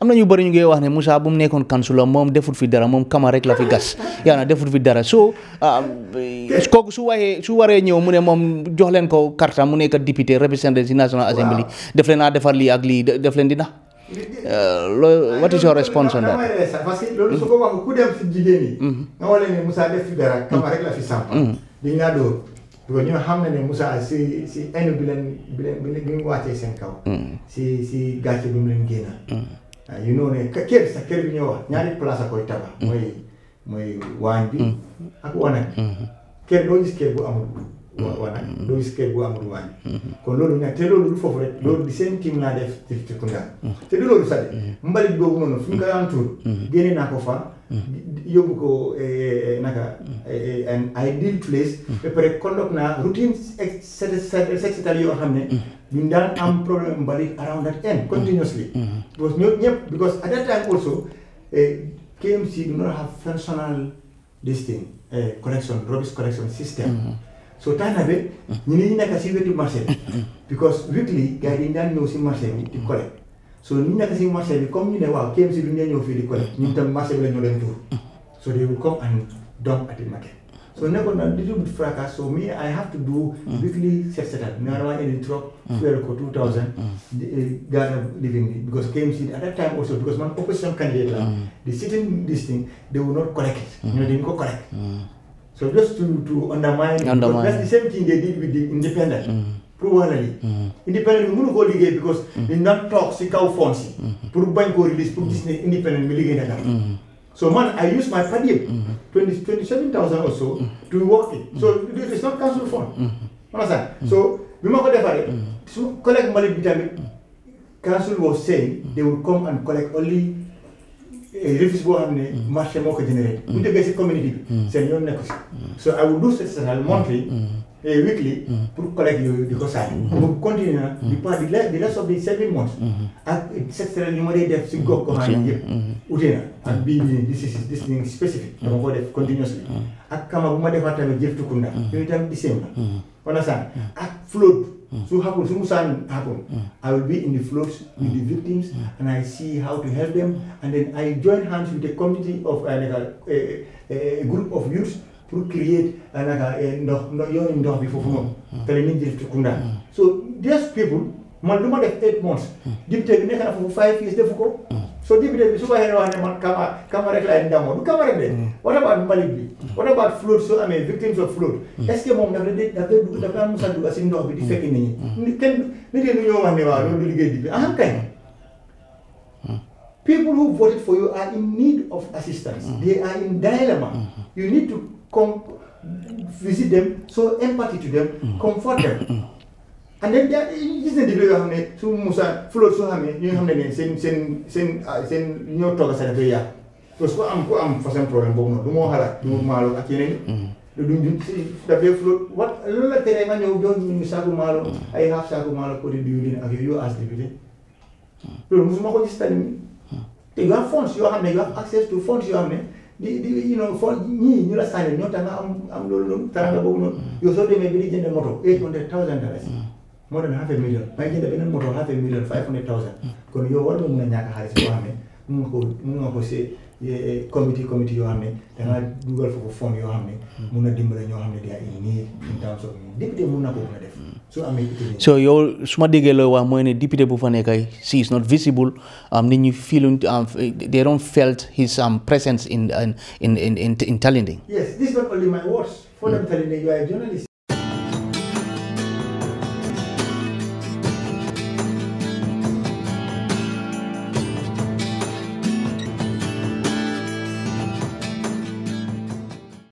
amna ñu bari ñu ngi wax ne Moussa bu mu nekkon kansula mom deful fi dara mom kama rek la fi gas ya na deful fi dara so kooku su waye su waré ñew mu ne mom jox leen ko carte mu nekk député représentant National Assembly def leen a ah, defar li ak li def leen dina nax euh, what is your response on that parce que lolu su ko wax ku dem si jigéen ni mm-hmm. nga wolé leen ne Moussa def fi dara kama rek la fi sam mm-hmm. di nga do do ñu xamné xam Moussa si si indi bi leen bi leen bi ngi wàccee seen kaw mm-hmm. si si gàcce bi mu leen gëna Ah, you know ne kër sa kër mm. bi ñoo wax ñaari place a koy tabax. mooy mooy waañ bi. ak wanag. Mm-hmm. kër doo gis kër bu amul. walaay mm-hmm. mm-hmm. doo gis kër amul wàññi. Mm-hmm. kon loolu nag te loolu du foofu rek. loolu di seen team laa def ci ci Kounda. te du loolu sax de. mbalit boobu noonu fu koy am tur. génne naa ko fa. yóbbu ko eh, eh, eh, naka. ay deal place. ba pare conduct naa routine sectorielle yoo xam ne. ñu daan am problème mbalit around that end continuously. because ñoom ñëpp because at that time also KMC do not have functional this thing collection rubbish collection so tax na ba ni ñu nekk si wetu marché bi mm-hmm. because weekly gars yi daan ñëw bi di collecte so ñu nekk si marché bi comme ñu ne waaw KMC du ñu ñëw fii di collecte mm-hmm. ñun tam marché bi la ñu leen tuur mm-hmm. so they will come and dump at the market so nekkoon na little bit fracas so me I have to do weekly set setal naa rawaa indi trop ko two thousand eh, Ghana living bi because KMC at that time also because man opposition candidate la the sitting this they will So just to, to undermine, undermine. that's the same thing they did with the independent. Mm. Probably. Mm. Independent, we go because mm. they not talk si kaw fonsi. Mm. Pour release put mm. this independent we ligue na mm. So man, I use my per diem, mm. 27,000 or so, mm. to work it. Mm. So it's not council fund. Mm. Understand? Mm. So we must defer mm. So collect money vitamin. Council was saying they would come and collect only refus boo xam ne mm. marché moo ko généré mm. bu déggee si community bi mm. seen yoon nekku si so I will do sessional monthly et weekly pour collègue yooyu di ko saay mu continuer na di pas di la di la sob seven months ak sessional ñu ma dee def si gox goxaan yi yëpp ute na ak bii nii di si di si spécifique dama ko def continuously ak kama bu ma defaat tamit jëf tukunda yooyu tamit di same a ak flood So happen, something mm. happen. I will be in the floats with the mm. victims, mm. and I see how to help them. And then I join hands with a community of uh, like a, a, a group of youths to create uh, like a ndox ndox yoon ndox bi foofu noonu. tukunda. so these people man lu def eight months. député bi nekk na five years defu ko. So dividend, Kama, Kama Kama hmm. What about Malibli? Hmm. What about flood? So I mean, victims of flood. Est-ce que mon d'avril d'avril du d'avril nous a dit que nous avons dit fait ni ni ni ni nous avons dit nous dit que dit people who voted for you are in need of assistance mm. they are in dilemma mm -hmm. you need to come visit them so empathy to them mm. comfort them hmm. and then daa gis nañ digle yoo xam ne su Moussa fulóor soo xamee ñu xam ne ne seen seen seen seen ñoo togg a sa dafay yàqu parce que ku am loolu la tere nga ñëw jox ñu saaku mm. yoo loolu mm. yoo xam ne you have access ñoo tax nga am am loolu noonu mm. soo demee bi di jënd moto eight hundred thousand dollars more than half a million may jënd more than half a million five hundred thousand kon yow war nga mun a ñàkk xaalis boo xam ne mun nga ko mun nga ko see comité comité yoo xam ne dangaa dugal foofu fond yoo xam ne mun a dimbale ñoo xam ne daa in nii in terms of nii député you na ko mun a def so yow su ma déggee looy wax député bu fa nekkay she is not visible am nit ñi feel um, they don't felt his um, presence in in in in, in, in yes this is not only my words for them telling you are a journalist